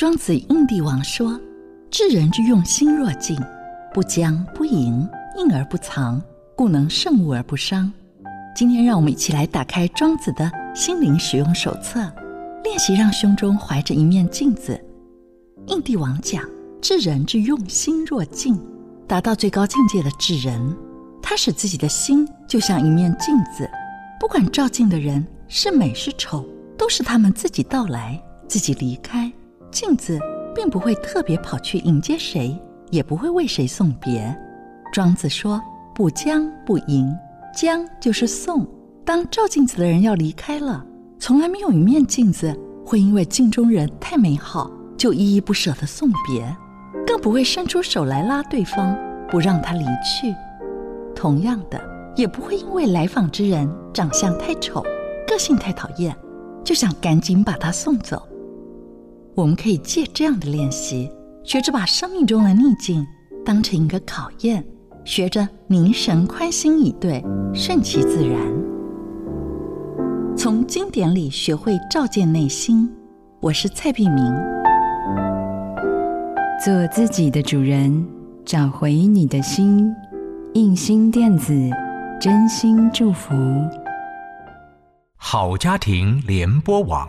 莊子應帝王說：“至人之用心若鏡，不將不迎，應而不藏，故能勝物而不傷。”今天，讓我們一起來打開莊子的心靈使用手冊，練習讓胸中懷着一面鏡子。應帝王講：“至人之用心若鏡，達到最高境界的至人，他使自己的心就像一面鏡子，不管照鏡的人是美是醜，都是他們自己到來，自己離開。”鏡子並不會特別跑去迎接誰，也不會為誰送別。莊子說：“不將不迎，將就是送。當照鏡子的人要離開了，從來沒有一面鏡子會因為鏡中人太美好就依依不捨地送別，更不會伸出手來拉對方，不讓他離去。同樣的，也不會因為來訪之人長相太醜，個性太討厭，就想趕緊把他送走。”我們可以借這樣的練習，學着把生命中的逆境當成一個考驗，學着凝神寬心以對，順其自然。從經典裡學會照見內心。我是蔡璧名。做自己的主人，找回你的心。映興電子，真心祝福。好家庭聯播網。